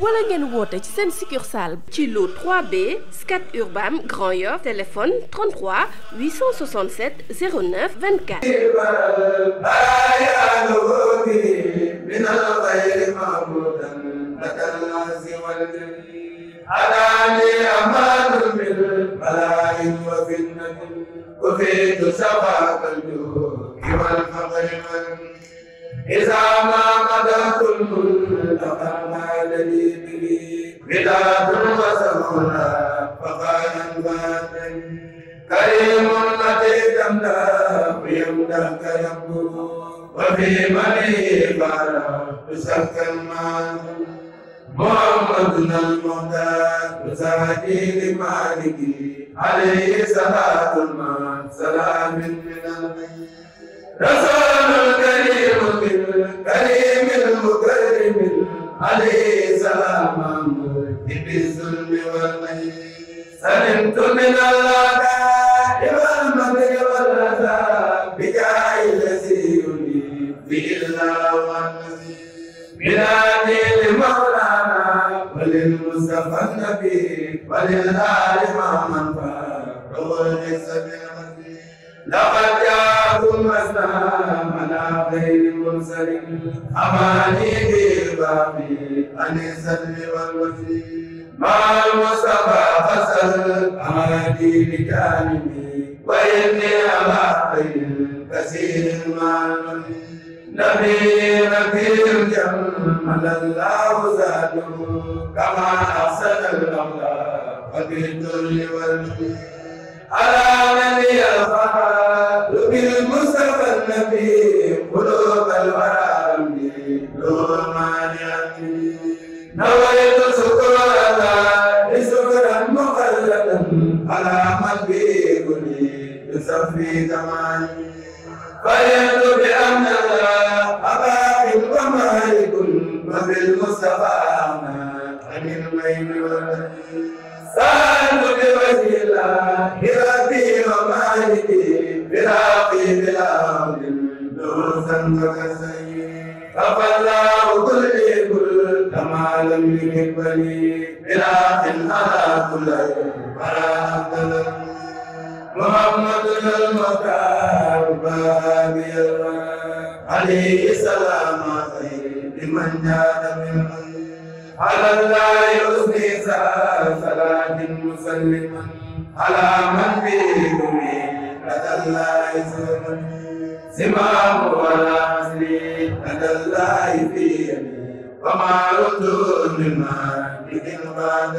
wala ngeen woote ci seen succursale ci lu 3B Scat Urbam Grand Yoff téléphone 33 867 09 24 أناني أمان من البلاء وفي الندم وفيت سباق الجود والفقر من إذا ما مدى كل الملتقى الذي به بدعة وسهولا فقال الباطن كريم لطيف امداه يمدحك ربه وفي منه قال تسكى المال محمد المهتاد وسعدي لمالك عليه صلاة المال سلام من المين رسول الكريم الكريم المكرم عليه سلاما ببزم والنهي سلمت من العداء والمدر والأذى بجاه الذي يلي بإلا والنهي بلادي لمولانا وللمصطفى النبي وللآل مع من فارغ لقد جاءكم أسلام على غير مرسل أماني بالباقي عن السلم والوفي مع المصطفى حسن أمرني بكامله وإني أبا كثير مع النبي نبي نبي جمل الله زاده كما أحسن الأخلاق وبالذل والنبي على من يلقى بالمصطفى النبي قلوب في زمان فيرد بأمن الله أباقي ومالك وبالمصطفى أعمى عن الميل والمدين سألت بوجه الله ربي ومالكي براقي بلا أمر دروسا وكسير ففلاه كل كل كما لم يكن بلي براق على كل براءة محمد المختار بابير عليه السلام لمن جاد من على الله يثني صلاة مسلما على من به لدى الله سلما سماه وراسلي لدى الله في يمين وما ردود لما بك بعد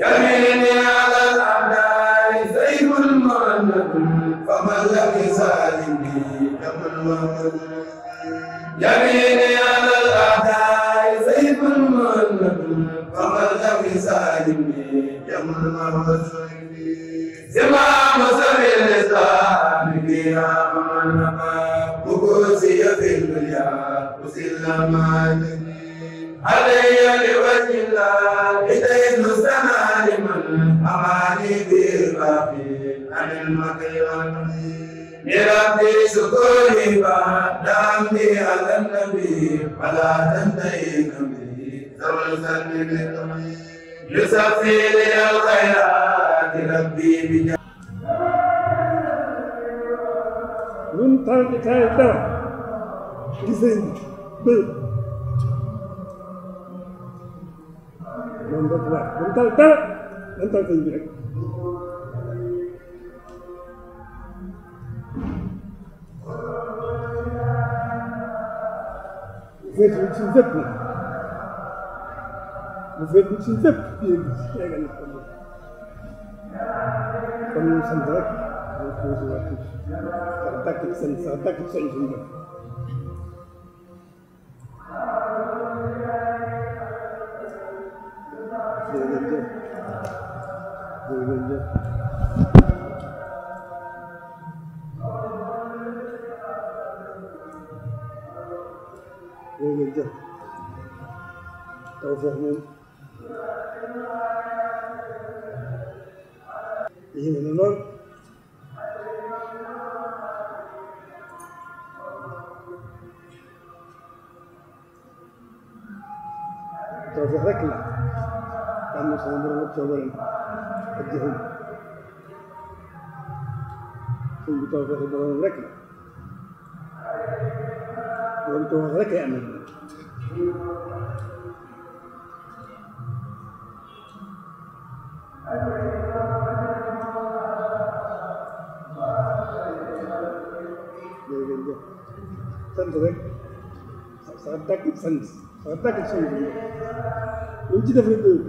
يميني على الأعداء يمين على الأعداء سيف المهند فقد لم يسالمني يوم الموت زمام سر الإسلام فيها من وكوسي في الدنيا وسلم علي لوجه الله إليه السماء لمن أعاني بالباقي عن المقيم برب شكري وحدامي على النبي ولا تنتهي نبي ذو الفن بالنبي يصفي لي الخيرات ربي بجاه ñun taal taal dara gis nañ ba moom dafa baax ñun taal dara dañ taal sëñ bi rek wéetuwul bu wéetu ci lépp yéen yéen kon ñu sant rek ñu ngi wax sax dàkk seen sax dàkk seen suñu jërëjëf jërëjëf jëf tawfeex moom yéeme na lool tawfeex rek la am na sama borom ak coobareem ak jëfam suñ bi tawfeexi borom rek la loolu tawfeex rek ay amee sant rek sax dàkk sant sax dàkk sant lu ci def rek doyul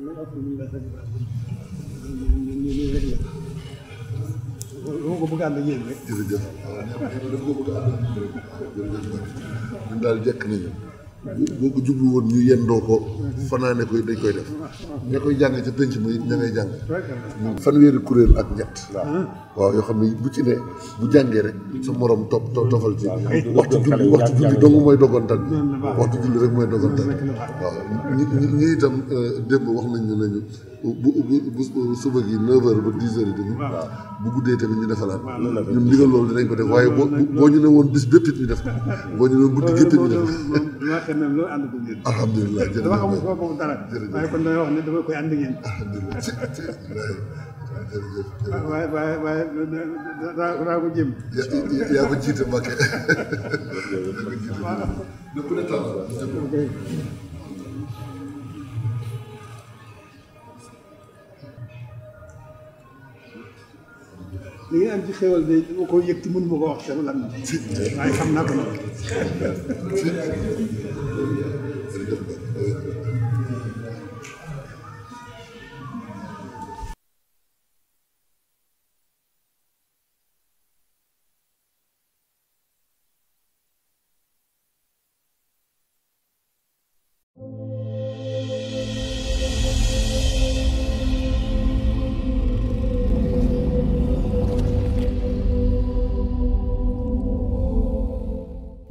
nag alhamdulilah a daal jekk nañu. boo ko jublu woon ñu yendoo ko fanaane koy dañ koy def ña koy jàng ca penc ma it ña ngay jàng fanweeri kuréel ak ñett waaw yoo xam ne bu ci ne bu jàngee rek sa morom topp tofal ci waxtu julli waxtu julli dong mooy doggantal waxtu julli rek mooy doggantal waaw ñi ñi itam démb wax nañ ne nañu bu bu suba gi neuf heures ba dix heures et demi bu guddee tamit ñu defalaat ñun ndigal loolu dinañ ko def waaye boo boo ñu ne woon bis bépp it ñu def ko boo ñu ne woon guddi gépp it ñu def ko alhamdulilah jërëjëf dama xamul sama bopp dara waaye wax ne dama koy ànd ngeen alhamdulilah waaye waaye waaye daa ko jëm yaa ko jiite Mbacke yaa ko jiite li ngeen am ci xéwal de dama ko yëg ci mënuma ko wax te lan la waaye xam naa ko nag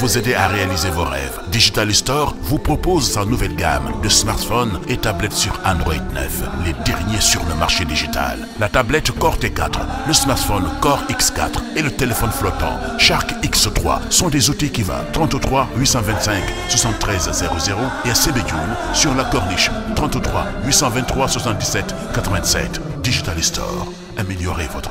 vous aider à réaliser vos rêves. Digital Store vous propose sa nouvelle gamme de smartphones et tablettes sur Android 9, les derniers sur le marché digital. La tablette Core T4, le smartphone Core x et le téléphone flottant Shark x sont des outils qui vont et à sur la Corniche Digital Store, améliorez votre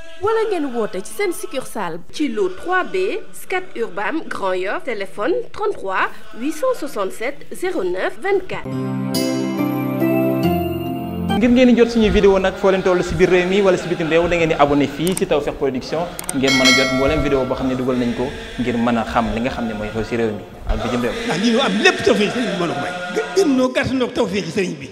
wala ngeen woote ci seen succursale ci lu 3B Scat Urbam Grand Yoff téléphone 33 867 09 24 ngir ngeen jot suñu vidéo nag foo leen toll si biir réew mi wala si bitim réew da ngeen di abonné fii si Tawfekh Production ngeen mën a jot mboolem vidéo boo xam ne dugal nañ ko ngir mën a xam li nga xam ne mooy xew si réew mi ak bitim réew. ndax lii am lépp Tawfekh sëriñ bi mën sëriñ bi.